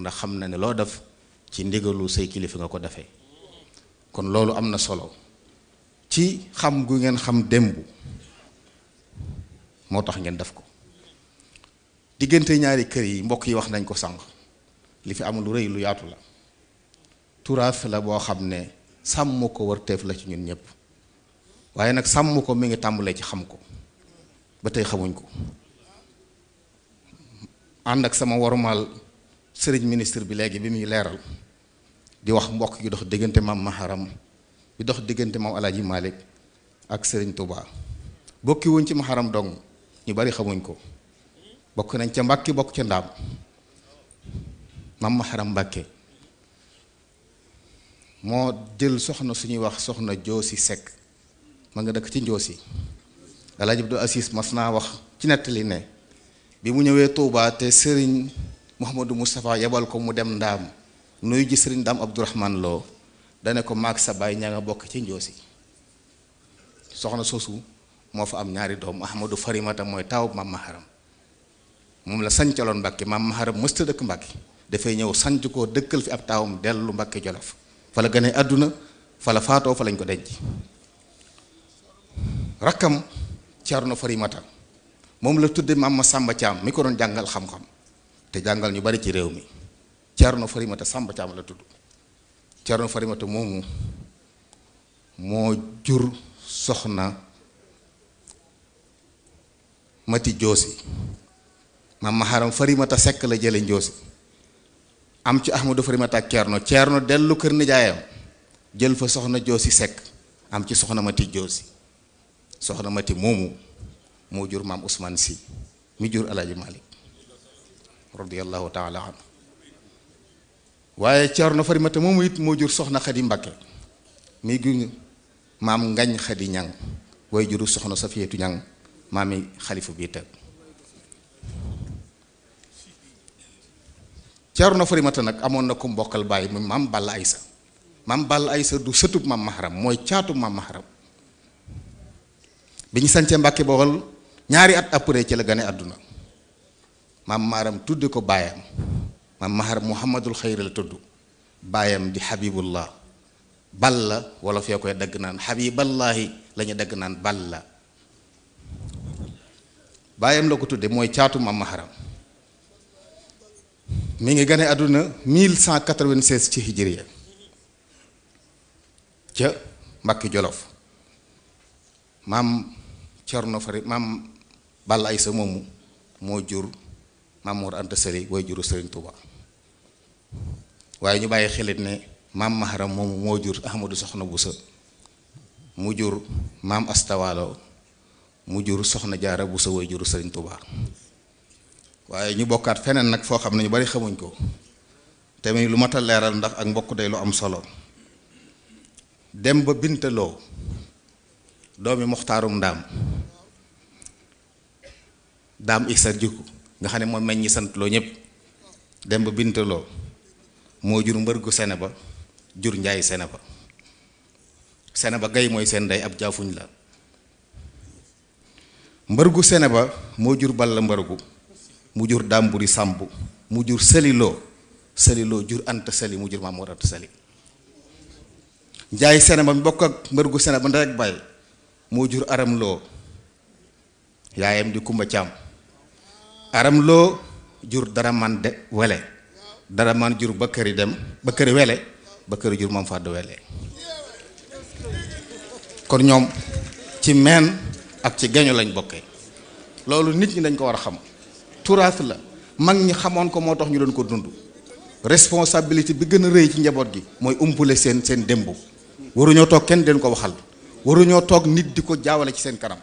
ndax xam na ne loo def ci ndigalu say kilifa nga ko defee kon loolu am na solo ci xam gu ngeen xam démb moo tax ngeen def ko diggante ñaari kër yi mbokk yi wax nañ ko sànq li fi am lu rëy lu yaatu la turaaf la boo xam ne sàmm ko warteef la ci ñun ñëpp waaye nag sàmm ko mi ngi tàmbalee ci xam ko ba tey xamuñ ko ànd ak sama warumal sëriñ ministre bi léegi bi muy leeral di wax mbokk yu dox diggante mam maharam bi dox diggante maam alaaji Malick ak sëriñ Touba bokki ci maharam dong ñu bari xamuñ ko bokk nañ ca mbàkki bokk ca ndaam maam maharam mbàkke moo jël soxna suñuy wax soxna joosi Seck ma nga dëkk ci njoosi alaaji Abdou Assis mas naa wax ci nettali ne bi mu ñëwee Touba te sëriñ Mouhamadou Moustapha yebal ko mu dem ndaam nuy ji sëriñ Ndaam Abdourahman Lo dane ko maag sa baay ñaa nga bokk ci njoosi soxna soosu moo fa am ñaari doom Ahmadou Farimata mooy taw mam moom la sancaloon Mbàkke mam maharam mësta dëkk Mbàkke dafay ñëw sanc koo dëkkal fi ab taawam dellu Mbàkke Jolof fa la àdduna fa faatoo fa lañ ko denc rakkam Cerno Farimata moom la tudde mam ma Sàmba Caam mi ko doon jàngal xam-xam jàngal ñu bari ci réew mi Thierno Farimata Samba Thiam la tudd Thierno Farimata moomu moo jur soxna Mati Joosi maam Maharam Farimata Sekk la jële Njoosi am ci Ahmadu Farimata ak Thierno Thierno dellu kër nijaayam jël fa soxna Joosi Sekk am ci soxna Mati Joosi soxna Mati moomu moo jur maam Ousmane Sy mi jur Alaaji Malik radiallahu taala anhu waaye na Farimata moomu it moo jur soxna Xadi Mbakke mi gu maam ngañ Xadi ñang way juru soxna Safiyatu ñang maami xalifa bii teg Ceerno Farimata nag amoon na ko mbokkal bàyyi mu maam Balla Aysa maam Balla Aysa du sëtub maam Maharam mooy caatub maam Maharam bi ñu sancee Mbàkke Bawol ñaari at après ci la gane àdduna maam maaram tudde ko baayam maam maaram muhammadul xayri la tudd baayam di xabibullah bal la wolof fee koy dagg naan xabiballaahi la ñu dagg naan bal la baayam la ko tudde mooy caatu maam maaram mi ngi gane àdduna 1196 ci hijriya ca Mbàkke Jolof maam Cerno Fari maam Balla Aysa moomu moo jur Mamour Anta Sali way juru Serigne Touba waaye ñu bàyyi xelit ne maam Maharam moomu moo jur Ahmadou Soxna Boussa mu jur maam Astawaalo mu jur Soxna Jaara Boussa way juru Serigne Touba waaye ñu bokkaat feneen nag foo xam ne ñu bari xamuñ ko tamit lu mat a leeral ndax ak mbokk day lu am solo dem ba bintaloo doomi muxtaarum ndaam daam isa jikko nga xam ne moo meññ ñi sant loo ñëpp dem ba bintaloo moo jur mbërgu sene ba jur njaay sene ba sene ba gay mooy seen ndey ab jaafuñ la mbërgu sene ba moo jur balla mbërgu mu jur dàmburi sàmb mu jur seliloo seliloo jur anta seli mu jur maam war anta seli njaay sene ba mi bokk ak mbërgu sene ba ndey ak bay moo jur aram loo yaayam di kumba caam aram loo jur dara man de wele dara man jur ba këri dem ba këri wele ba këri jur moom fàddu wele kon ñoom ci meen ak ci geñu lañ bokkee loolu nit ñi dañ ko war a xam turaas la mag ñi xamoon ko moo tax ñu doon ko dund responsabilité bi gën a rëy ci njaboot gi mooy umpule seen seen démb waruñoo toog kenn den ko waxal waruñoo toog nit di ko jaawale ci seen kanam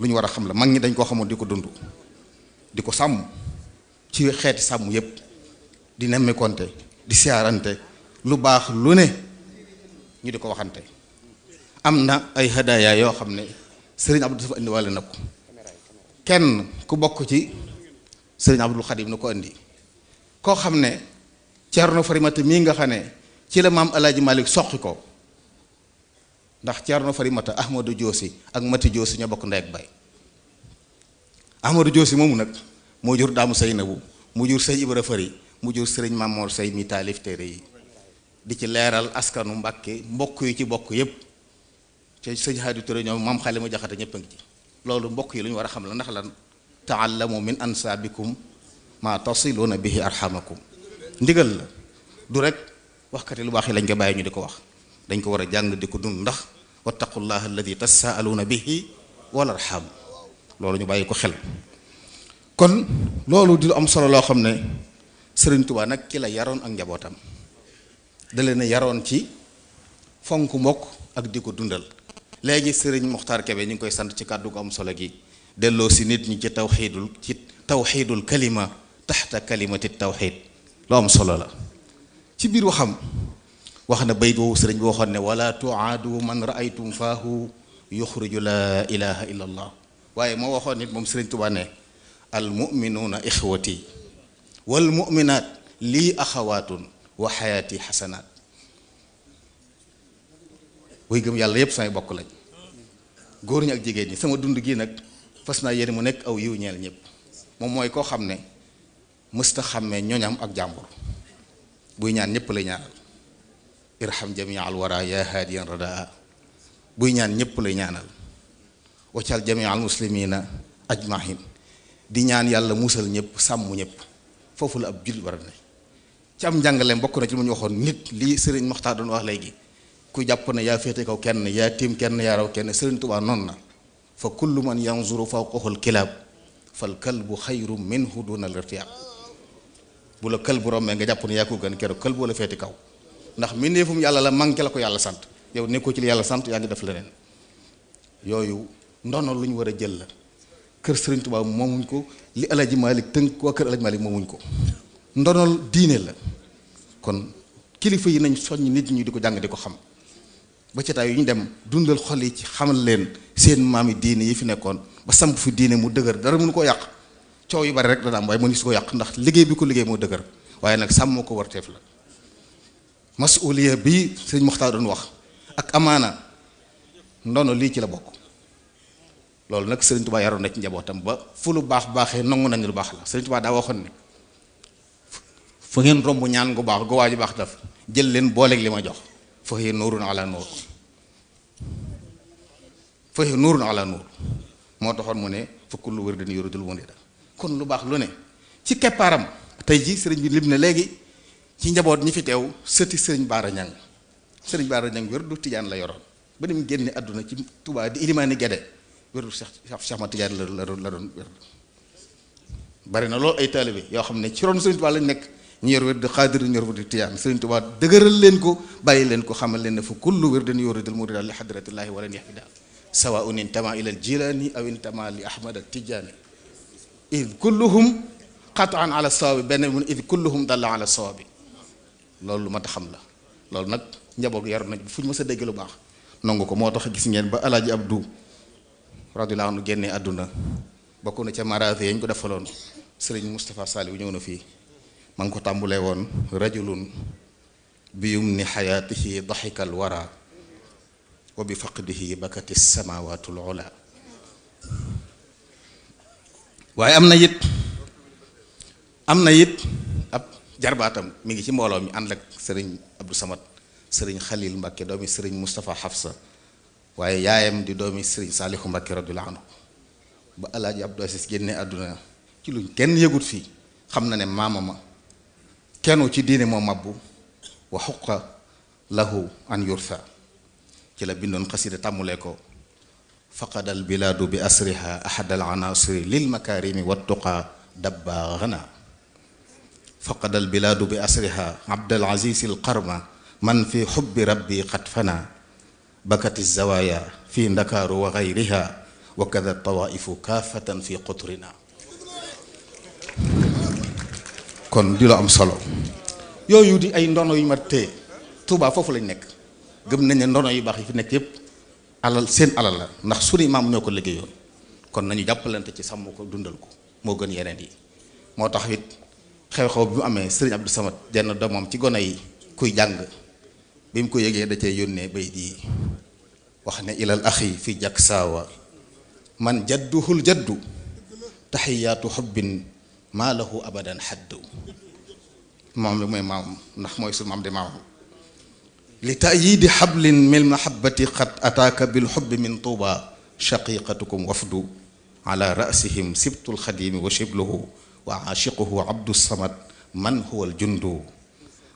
lu ñu war a xam la mag ñi dañ koo xamoon di ko dund di ko sàmm ci xeeti sàmm yépp di nemmikonte di siyaarante lu baax lu ne ñu di ko waxante am na ay hadaya yoo xam ne sëriñ Abdou dafa indi wàlle na ko kenn ku bokk ci sëriñ Abdul Xadim koo xam ne Ceerno Farimata mii nga xam ne ci la maam alaaj Malik soqi ko ndax Ceerno Farimata Ahmadou Joosi ak Mati Joosi ñoo bokk ndey ak bay Ahmadou Joosi moomu nag moo jur daamu say nabu mu jur say ibra fari mu jur sëriñ Mamor say mi taalif téere yi di ci leeral askanu mbàkke mbokk yi ci bokk yépp te sëñ Hadi Touré ñoom maam xale ma jaxate ñëpp a ngi ci loolu mbokk yi lu ñu war a xam la ndax lan taallamu min ansaabikum ma tasiluuna bihi arhamakum ndigal la du rek waxkati lu baax yi lañ ko bàyyi ñu di ko wax dañ ko war a jàng di ko dund ndax wattaqullaha alladi tasaaluuna bi wal arham loolu ñu bàyyi ko xel kon loolu di am solo loo xam ne Serigne Touba nag ki la yaroon ak njabootam da leen yaroon ci fonk mbokk ak di ko dundal léegi sëriñ Mokhtar Kébé ñu ngi koy sant ci kàddu gu am solo gi delloo si nit ñi ci tawxiidul ci tawxiidul kalima taxta kalimati tawxiid lu am solo la ci biir waxam wax na bay woowu sëriñ bi waxoon ne wala tuaadu man raaytum faahu yuxriju laa ilaha illa allah waaye moo waxoon nit moom Serigne Touba ne almuminuuna ixwati walmuminaat lii axawaatun wa xayaati xasanaat way gëm yàlla yépp samay bokk lañ góor ñi ak jigéen ñi sama dund gi nag fas naa yéene mu nekk aw yiw ñeel ñëpp moom mooy koo xam ne mësta xàmmee ñoñam ak jàmbur buy ñaan ñëpp lay ñaanal irham jamia al wara ya radaa buy ñaan ñëpp lay ñaanal waccal jamia al muslimina di ñaan yàlla musal ñëpp sàmm ñëpp foofu la ab jullit war a ne ci am njàngaleem na ci lu ñu waxoon nit lii sëriñ Moxtaar doon wax léegi ku jàpp na yaa féete kaw kenn yaa tiim kenn yaa kenn sëriñ Tuubaa noonu na fa kullu man yanzuru fawqahul kilaab fal kalbu xayru minhu duna lirtiyaab bu la kël bu rombee nga jàpp ne yaa ko gën keroog kël boo la feeti kaw ndax mbindeefum yàlla la manqué la ko yàlla sant yow nekkoo ci li yàlla sant yaa ngi def leneen yooyu ndono lu ñu war a jël la kër Serigne Touba moomuñ ko li El Hadj Malick tënk waa kër El Hadj Malick moomuñ ko ndonol diine la kon kilifa yi nañ soññ nit ñi di ko jàng di ko xam ba yu ñu dem dundal xol yi ci xamal leen seen maam yi diine yi fi nekkoon ba samp fi diine mu dëgër dara mënu koo yàq coow yu bari rek dana am waaye mënu su ko yàq ndax liggéey bi ko liggéey moo dëgër waaye nag sàmm ko warteef la masuuliya bi sëñ Moxtaar doon wax ak amaana ndono lii ci la bokk. loolu nag Serigne Touba yaroon na ci njabootam ba fu lu baax baaxee nangu nañ lu baax la Serigne Touba daa waxoon ne fu ngeen romb ñaan gu baax gu waaju baax daf jël leen booleeg li ma jox fa hiya nuurun ala nuur fa hiya nuurun ala moo taxoon mu ne fukk lu wër dañu yoridul mu da kon lu baax lu ne ci keppaaram tey ji sëriñ bi lim ne léegi ci njaboot ñi fi teew sëti sëriñ Baara Ñang sëriñ Baara Ñang wér du tijaan la yoroon ba ni mu génne àdduna ci Touba di ilimaani Gede wérdu Cheikh Cheikh Ahmad Tidiane la doon la doon bari na loolu ay taalibe yoo xam ne ci ron Sëriñ Tuubaa lañ nekk ñu yor wérdu xaadir ñu yor wérdu Tijaan Sëriñ Tuubaa dëgëral leen ko bàyyi leen ko xamal leen ne fa kullu wirdin yuridul murida li xadratillaahi walan yahbida sawaun intama ila al jilaani aw intama li ahmad tijaani id kulluhum qataan ala sawaabi benn mun id kulluhum dalla ala sawaabi loolu lu mat xam la loolu nag njaboot yor nañ fu ñu mës a dégg lu baax nangu ko moo tax gis ngeen ba alaaji Abdou radiyallahu nu génnee àdduna bokk na ca maraas yañ ko defaloon sëriñ Moustapha Saliou ñëw na fii ma ngi ko tàmbulee woon rajulun biyum ni xayaatihi daxikal wara wa bi faqdihi bakati samawaatul ula waaye am na yit am na yit ab jarbaatam mi ngi ci mbooloo mi ànd ak sëriñ Abdou Samad sëriñ Khalil Mbacke doomi sëriñ Moustapha Hafsa waaye yaayam di doomi sëriñ Saalihu Mbakke radiyallaahu anhu ba alaaji Abdou Aziz génne àdduna ci luñ kenn yëgut fii xam na ne maama ma ci diine moo mabbu wa xuqa an yurtha ci la bindoon xasida tàmmulee faqada al bi asriha ahad bi asriha abdal aziz al qarma man fi xubbi rabbi qad bakati zawaaya fii ndakaaru wa xayriha wa kada tawaaifu kaafatan fi qutrina kon di lu am solo yooyu di ay ndono yu ma tee Touba foofu lañ nekk gëm nañ ne ndono yu baax yi fi nekk yëpp alal seen alal la ndax suñu maam ñoo ko liggéeyoon kon nañu jàppalante ci sàmm ko dundal ko moo gën yeneen yi moo tax it xew-xew bi mu amee sëriñ Abdou Samad jenn doomam ci gone yi kuy jàng bi mu ko yëgee da cee yónnee bay di wax ne ilal axi fi jak saawa man jadduhul jaddu taxiyaatu xobbin maa lahu abadan xaddu maam bi mooy maamam ndax mooy su maam di maamam li tayidi xablin mil mahabati xat ataaka bil xubbi min tuuba shaqiqatukum wafdu ala rasihim sibtul xadimi wa shibluhu wa aachiquhu abdu samad man huwa al jundu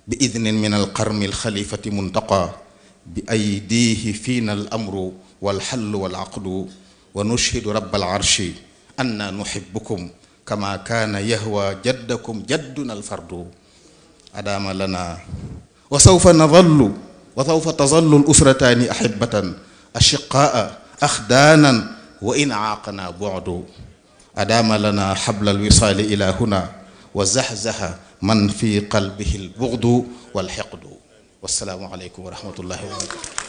bi idnin min alqarmi alxalifati muntaqa bi aydihi fiina al amru walxallu walaqdu wa nushhidu raba alarshi anna nuhibukum kama kaana yahwa jaddakum jadduna alfardu adaama lana wa sawfa nadallu wa sawfa tazallu alusrataani ahibatan ashiqaa axdaanan wa in aaqana budu adaama lana xabla alwisaali ila huna wa zahzaha man fi qalbihi al bughdu wal hiqdu wassalaamu aleykum wa rahmatullahi wa barakatu